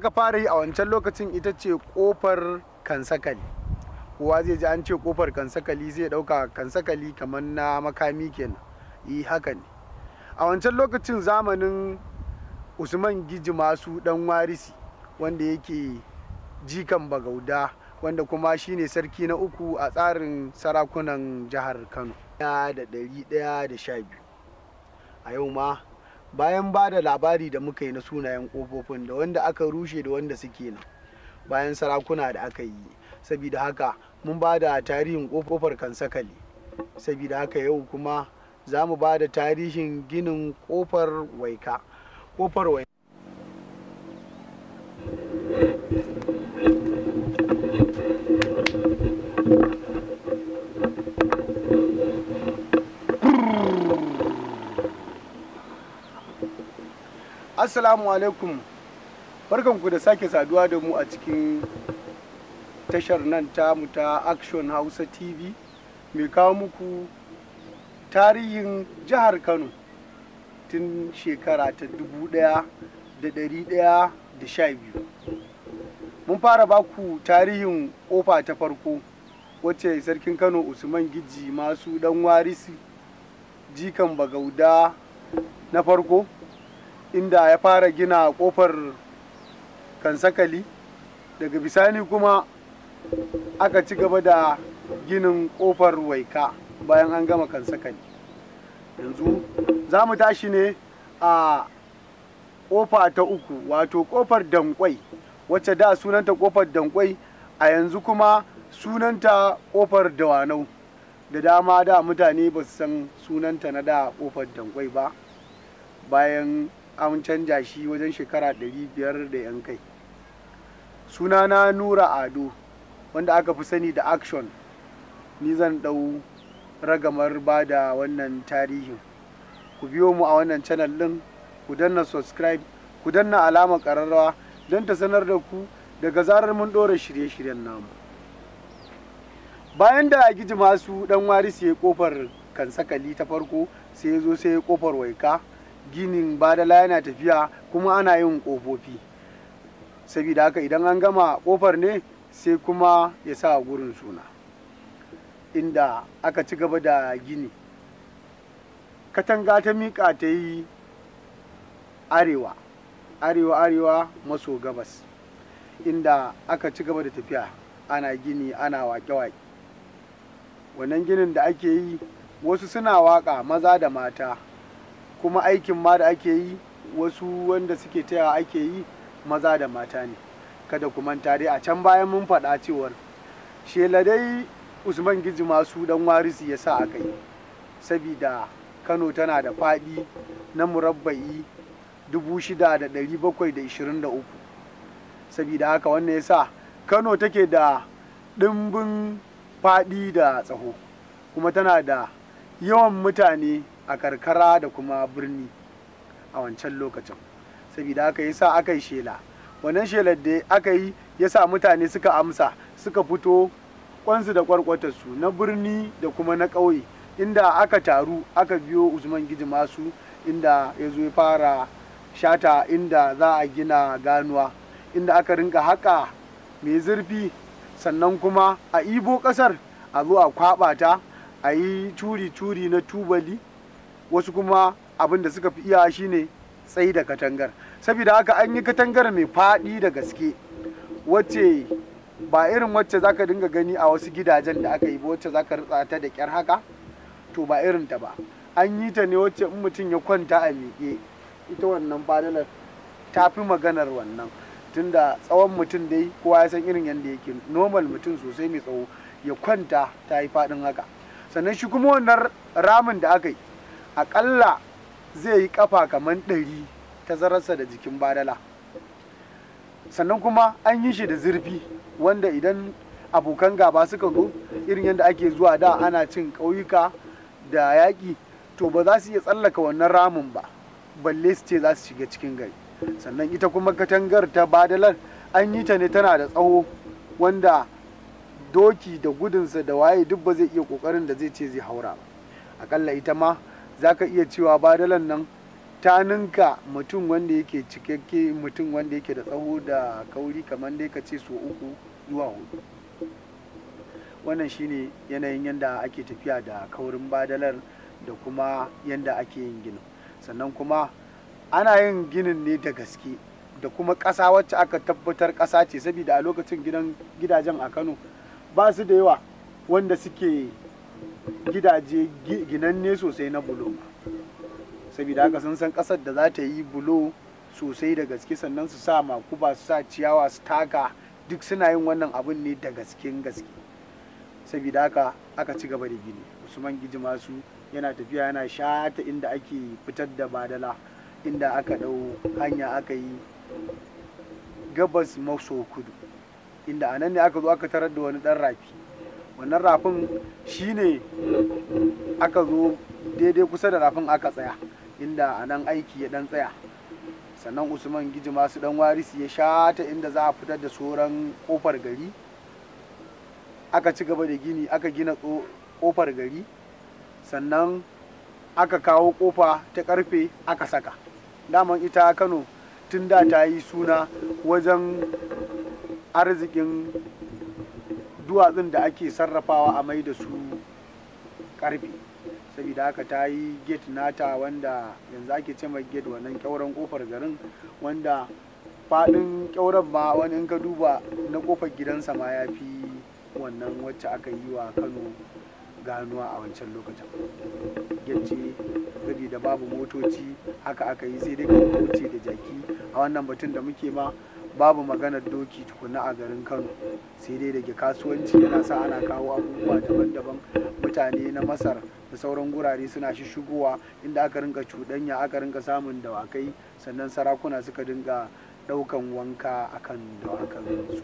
aka fara yi a wancan lokacin ita ce kofar kansakali kowa zai ji an ce kofar kansakali zai dauka kansakali kamar na makami kenan yi e, haka ne a wancan lokacin zamanin usman giji masu dan warisi wanda yake jikan bagauda wanda kuma shine sarki na uku a tsarin sarakunan jihar kano da 112 a yau ma bayan ba da labari da muka yi na sunayen ƙofofin da wanda aka rushe da wanda suke nan bayan sarakuna da aka yi saboda haka mun ba da tarihin ƙofofar kansakali saboda haka yau kuma za mu ba da tarihin ginin ƙofar waika waika Assalamu alaikum. Barkanku da sake saduwa da mu a cikin tashar nan ta ta Action Hausa TV mai kawo muku tarihin jihar Kano tun shekara ta dubu ɗaya da ɗari ɗaya da sha biyu. Mun fara baku tarihin ƙofa ta farko wacce sarkin Kano Usman Giji masu ɗan warisi jikan bagauda na farko inda ya fara gina kofar kansakali daga bisani kuma aka ci gaba da ginin kofar waika bayan an gama kansakali yanzu za mu tashi ne a kofa ta uku wato kofar dankwai wacce da sunanta kofar dankwai a yanzu kuma sunanta kofar dawanau da dama da mutane ba su san sunanta na da kofar dankwai ba bayan an canja shi wajen shekara ɗari biyar da yan kai suna na nura ado wanda aka fi sani da action ni zan ɗau ragamar ba da wannan tarihin ku biyo mu a wannan channel ɗin ku danna subscribe ku danna alama ƙararrawa don ta sanar da ku daga zarar mun ɗora shirye-shiryen namu bayan da a gijima su ɗan wari sai kofar kansakali ta farko sai ya zo sai kofar waika ginin badala yana tafiya kuma ana yin ƙofofi saboda haka idan an gama ƙofar ne sai kuma ya sa gurin suna inda aka ci gaba da gini katanga ta miƙa ta yi arewa arewa arewa maso gabas inda aka ci gaba da tafiya ana gini ana wake-wake wannan ginin da ake yi wasu suna waka maza da mata kuma aikin ma da ake yi wasu wanda suke taya ake yi maza da mata ne kada ku manta dai a can bayan mun faɗa cewar shela dai usman giji masu dan warisi ya sa aka yi sabida kano tana da faɗi na murabba'i 6,723 sabida haka wannan ya sa kano take da ɗimbin faɗi da tsaho kuma tana da yawan mutane a karkara da kuma birni a wancan lokacin saboda yi sa aka yi shela wannan shelar da aka yi ya sa mutane suka amsa suka fito kwansu da kwarkwatarsu na birni da kuma na ƙauye inda aka taru aka biyo usman giji masu inda ya zo ya fara shata inda za a gina ganuwa inda aka rinka haƙa mai zurfi sannan kuma a ibo ƙasar a zo a kwaɓa a yi turi-turi na tubali wasu kuma abin da suka fi iya shine tsayi da katangar saboda haka an yi katangar mai faɗi da gaske wacce ba irin wacce zaka dinga gani a wasu gidajen da aka yi ba wacce zaka ritsa ta da kyar haka to ba irin ta ba an yi ta ne wacce in mutum ya kwanta a miƙe ita wannan fadalar ta fi maganar wannan tunda tsawon mutum dai kowa ya san irin yadda yake normal mutum sosai mai tsawo ya kwanta ta yi faɗin haka sannan shi kuma wannan ramin da aka yi akalla zai yi kafa kamar ɗari ta zararsa da jikin badala sannan kuma an yi shi da zurfi wanda idan abokan gaba suka zo irin yadda ake zuwa da ana cin ƙauyuka da yaƙi to ba za su iya tsallaka wannan ramin ba balle su ce za su shiga cikin gari sannan ita kuma katangar ta badalar an yi ta ne tana da tsawo wanda doki da gudunsa da waye duk ba zai iya kokarin da zai ce zai haura ba akalla ita ma za ka iya cewa badalan nan ta ninka mutum wanda yake cikakke mutum wanda yake da tsaho da kauri kamar dai ka ce so uku zuwa hudu wannan shine yanayin yadda ake tafiya da kaurin badalar da kuma yadda ake yin ginin sannan kuma ana yin ginin ne da gaske da kuma ƙasa wacce aka tabbatar ƙasa ce saboda a lokacin gidajen a kano ba su da yawa wanda suke gidaje ginanne sosai na bulo saboda haka sun san kasar da za ta yi bulo sosai da gaske sannan su sa makuba su sa ciyawa su taka duk suna yin wannan abin ne da gasken gaske saboda haka aka ci gaba da gini usman giji masu yana tafiya yana shata inda ake fitar da badala inda aka dau hanya aka yi gabas maso kudu inda a nan ne aka zo aka tarar da wani dan rafi wannan rafin shi ne aka zo daidai kusa da rafin aka tsaya inda a nan aiki ya dan tsaya sannan usman giji masu dan warisi ya sha ta inda za a fitar da sauran kofar gari aka ci gaba da gini aka gina kofar gari sannan aka kawo kofa ta karfe aka saka daman ita kano tun da ta yi suna wajen arzikin duwatsun da ake sarrafawa a mai da su karfe saboda haka ta yi gate nata wanda yanzu ake ce mai gate wannan kyauren kofar garin wanda faɗin kyauren ma wani in ka duba na kofar gidansa ma ya fi wannan wacce aka yi wa kano ganuwa a wancan lokacin gece saboda da babu motoci haka aka yi sai dai ka wuce da jaki a wannan batun da muke ma babu maganar doki tukuna a garin kano sai dai daga kasuwanci yana sa ana kawo abubuwa daban-daban mutane na masar da sauran gurare suna shigowa inda aka rinka cuɗanya aka rinka samun dawakai sannan sarakuna suka dinga ɗaukan wanka akan dawakan su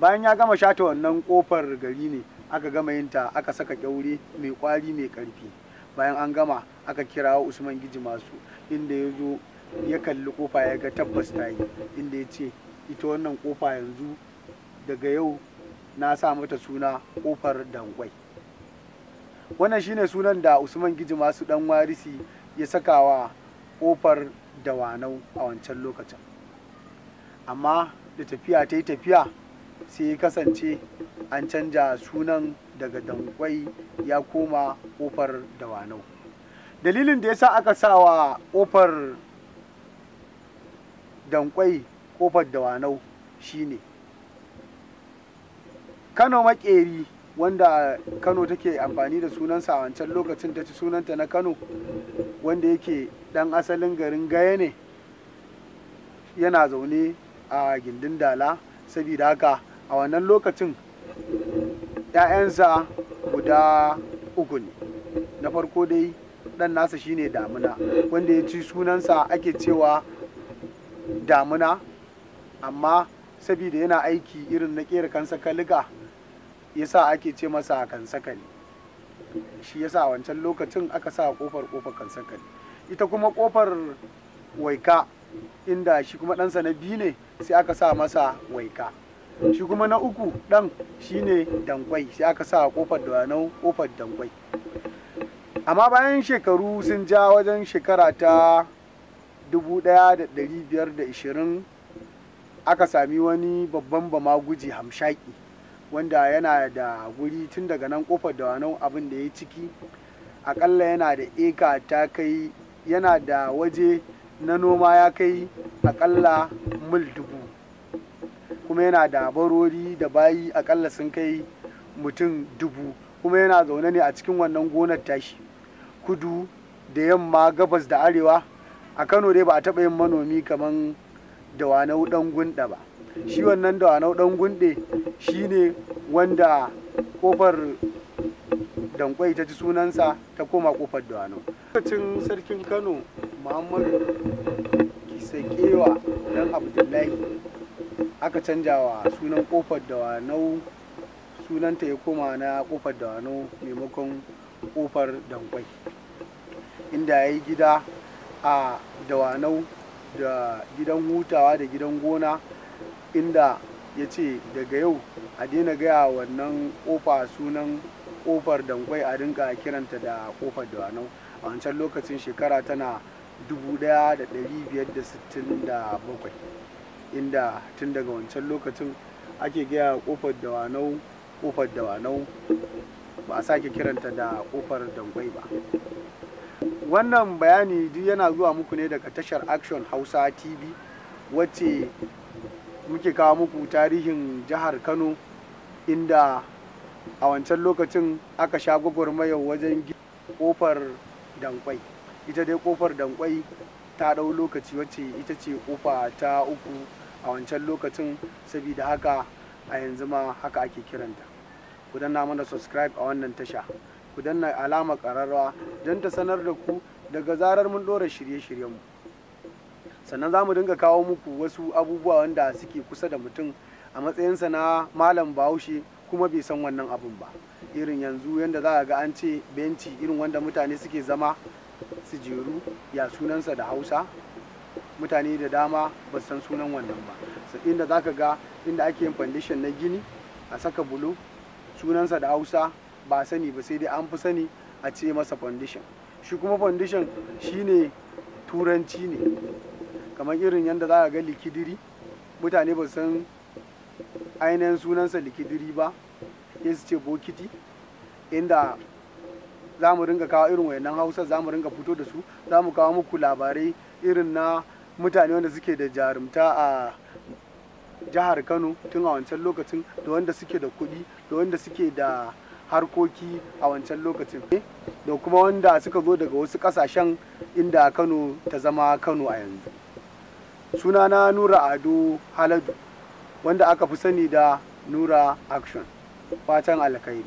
bayan ya gama shata wannan kofar gari ne aka gama yinta aka saka kyaure mai kwari mai karfi bayan an gama aka kira usman giji masu inda ya zo ya kalli kofa ya ga tabbas ta yi inda ya ce ita wannan kofa yanzu daga yau na sa mata suna kofar dangwai wannan shine sunan da usman giji masu dan warisi ya saka wa kofar dawanau a wancan lokacin amma da tafiya ta yi tafiya sai ya kasance an canja sunan daga dangwai ya koma kofar dawanau dalilin da ya sa aka sa wa kofar dankwai kofar dawanau shine kano makeri wanda kano take amfani da sunansa a wancan lokacin ta ci sunanta na kano wanda yake dan asalin garin gaya ne yana zaune a gindin dala saboda haka a wannan lokacin 'ya'yansa guda uku ne na farko dai dan nasa shine damina wanda ya ci sunansa ake cewa damuna amma saboda yana aiki irin na kera kansa kaliga sa ake ce masa kansakali shi ya a wancan lokacin aka sa kofar kofar kansakali ita kuma kofar waika inda shi kuma ɗansa na biyu ne sai aka sa masa waika shi kuma na uku ɗan shine dankwai sai aka sa kofar dawanau kofar dankwai amma bayan shekaru sun ja wajen shekara ta 1520 aka sami wani babban bama guji hamshaki wanda yana da guri tun daga nan kofar da wani abin da ya ciki akalla yana da eka ta kai yana da waje na noma ya kai akalla mil dubu kuma yana da barori da bayi akalla sun kai mutum dubu kuma yana zaune ne a cikin wannan gonar tashi kudu da yamma gabas da arewa a kano dai ba a taɓa yin manomi kaman dawanau dan gunda ba shi wannan dawanau dan gunde shine wanda kofar dankwai ta ci sunansa ta koma kofar dawanau lokacin sarkin kano muhammadu kisakewa dan abdullahi aka canja wa sunan kofar dawanau sunanta ya koma na kofar dawanau maimakon ƙofar dankwai inda ya yi gida a dawanau da gidan hutawa da gidan gona inda ya ce daga yau a daina gaya wannan kofa sunan kofar dankwai a dinka kiranta da kofar dawanau a wancan lokacin shekara tana 1567 inda tun daga wancan lokacin ake gaya kofar dawanau kofar dawanau ba a sake kiranta da kofar dankwai ba wannan bayani duk yana zuwa muku ne daga tashar action hausa tv wacce muke kawo muku tarihin jihar kano inda a wancan lokacin aka sha gwagwarmayar wajen kofar dankwai ita dai kofar dankwai ta ɗau lokaci wacce ita ce kofa ta uku a wancan lokacin sabida haka a yanzu ma haka ake kiranta ku na mana subscribe a wannan tasha ku danna alama ƙararrawa don ta sanar da ku daga zarar mun ɗora shirye-shiryenmu sannan za mu dinga kawo muku wasu abubuwa wanda suke kusa da mutum a matsayinsa na malam bahaushe kuma bai san wannan abun ba irin yanzu yadda za a ga an ce benci irin wanda mutane suke zama su jeru ya sunansa da hausa mutane da dama ba san sunan wannan ba inda za ka ga inda ake yin foundation na gini a saka bulo sunansa da hausa ba sani ba sai dai an fi sani a ce masa foundation shi kuma foundation shine turanci ne kamar irin yadda za a ga likidiri mutane ba san ainihin sunansa likidiri ba ya su ce bokiti inda za mu ringa kawo irin wayannan hausa za mu ringa fito da su za mu kawo muku labarai irin na mutane wanda suke da jarumta a jihar kano tun a wancan lokacin da wanda suke da kuɗi da wanda suke da harkoki a wancan lokacin da kuma wanda suka zo daga wasu kasashen inda kano ta zama kano a yanzu suna na nura ado haladu wanda aka fi sani da nura action fatan alkhairi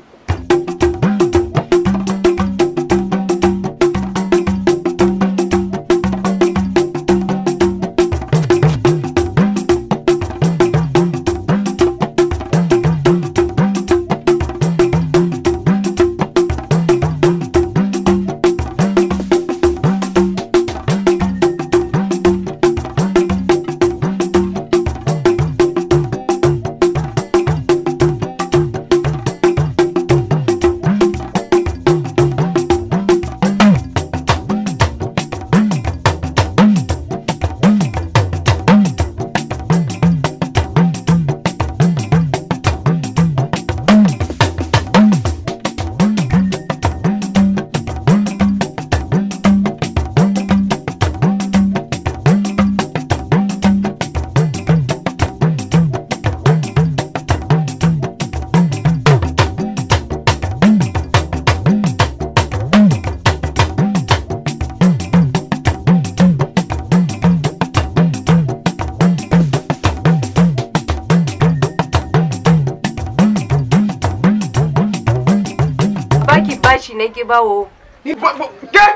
ki bawo. Ni ba ke?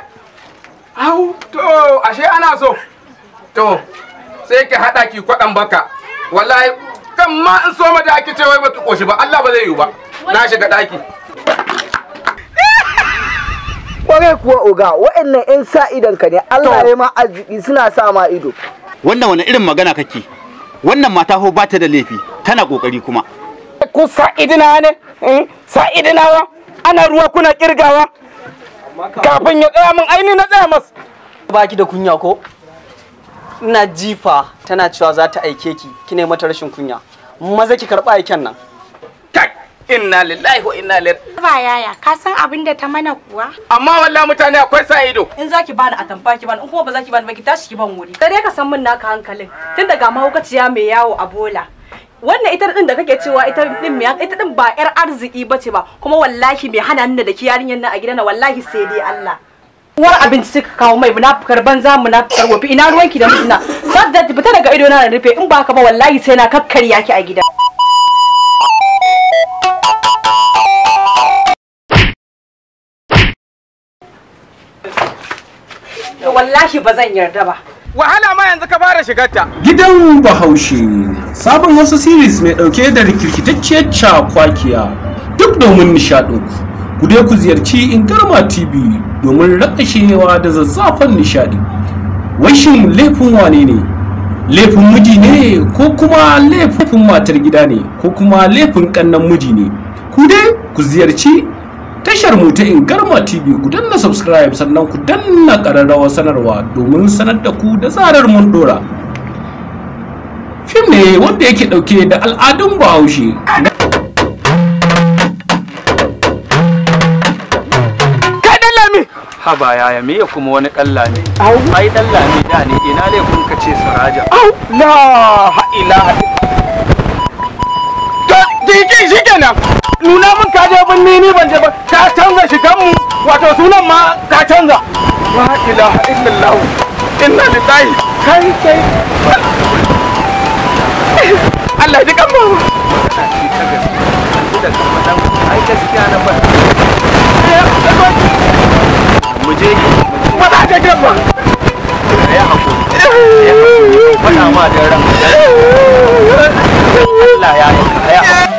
Au to ashe ana so. To sai ki hada ki kwadan baka. Wallahi kan ma in so ma da ake ce wai bata koshi ba Allah ba zai yi ba. Na shiga daki. Kwarai kuwa oga wa'annan 'yan sa ka ne Allah ya ma arziki suna sa ma ido. Wannan wani irin magana kake? Wannan mata ho ba ta da laifi tana kokari kuma. Ku sa idina ne? Hmm? Sa idina ba? ana ruwa kuna kirgawa kafin ya tsaya min aini na tsaya mas baki da kunya ko ina jifa tana cewa za ta aike ki kine mata rashin kunya maza ki karba aiken nan inna lillahi wa inna ilaihi ba yaya ka san abin da ta mana kuwa amma wallahi mutane akwai sa ido in zaki bani atamfa ki bani in kuma ba zaki bani ba ki tashi ki ban wuri dare ka san min naka hankalin tun daga mahaukaciya mai yawo a bola wannan ita din da kake cewa ita din me ita din ba yar arziki bace ba kuma wallahi mai hana ni da ki yarinyar nan a gidana wallahi sai dai Allah uwar abinci suka kawo mai fukar banza fukar wofi ina ruwanki da mutuna da fita daga ido na rufe in ba ka ba wallahi sai na kakkarya ki a gida wallahi ba zan yarda ba wahala ma yanzu ka fara shigarta gidan bahaushe sabon wasu series mai dauke da rikirkitacciyar cakwakiya duk domin nishadinku ku dai ku ziyarci ingarma tv domin rakashewa da zazzafan nishadi washin laifin wane ne laifin miji ne ko kuma laifin matar gida ne ko kuma laifin kannan miji ne ku dai ku ziyarci tashar mu ta ingarma tv ku danna subscribe sannan ku danna ƙararrawar sanarwa domin sanar da ku da zarar mun dora fim ne wanda yake dauke da al'adun bahaushe haba yaya me ya kuma wani dalla ne ai dalla ne da ne ina ne kun kace saraja au la ilaha to diki shikenan nuna mun ka je bin ni ban je ba ka canza shigan mu wato sunan ma ka canza la ilaha illallah inna lillahi kai kai Allah ji kan mama mu Allah ya